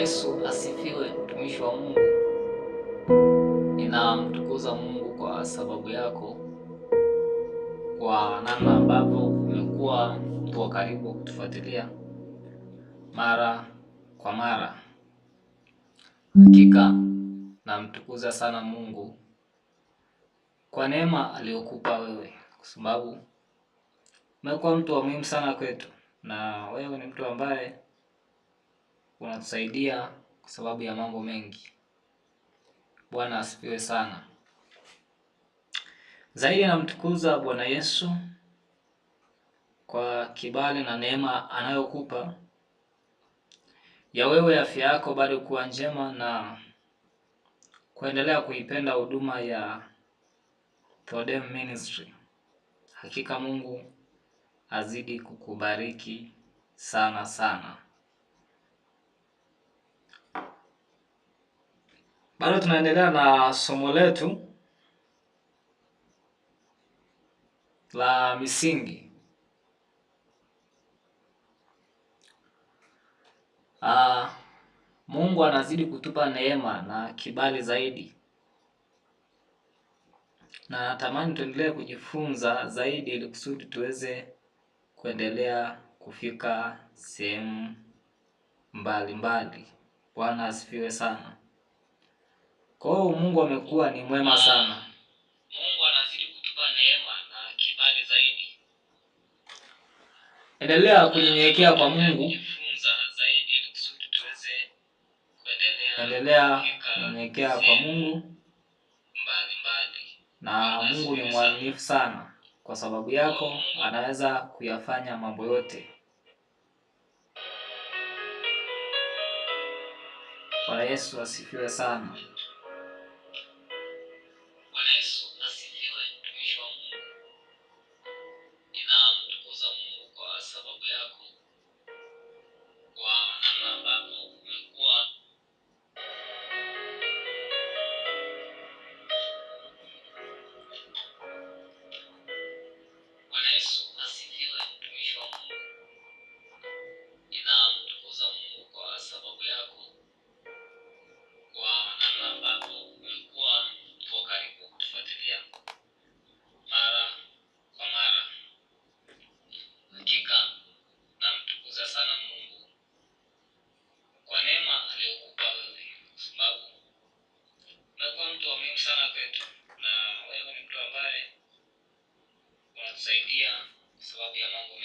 Yesu asifiwe, mtumishi wa Mungu. Ninamtukuza Mungu kwa sababu yako, kwa namna ambavyo umekuwa mtu wa karibu kutufuatilia mara kwa mara. Hakika namtukuza sana Mungu kwa neema aliyokupa wewe, kwa sababu umekuwa mtu wa muhimu sana kwetu, na wewe ni mtu ambaye unatusaidia kwa sababu ya mambo mengi. Bwana asifiwe sana. Zaidi namtukuza Bwana Yesu kwa kibali na neema anayokupa ya wewe afya yako bado kuwa njema na kuendelea kuipenda huduma ya Thodem Ministry. Hakika Mungu azidi kukubariki sana sana. Bado tunaendelea na somo letu la misingi. Aa, ah, Mungu anazidi kutupa neema na kibali zaidi, na natamani tuendelee kujifunza zaidi ili kusudi tuweze kuendelea kufika sehemu mbalimbali. Bwana asifiwe sana. Kwa hiyo Mungu amekuwa ni mwema ah, sana. Mungu anazidi kutupa neema na kibali zaidi. Endelea kunyenyekea kwa Mungu. Endelea kunyenyekea kwa Mungu na Mungu ni mwaminifu sana, kwa sababu yako anaweza kuyafanya mambo yote. Bwana Yesu asifiwe sana. sana kwetu, na wewe ni mtu ambaye unatusaidia kwa sababu ya mambo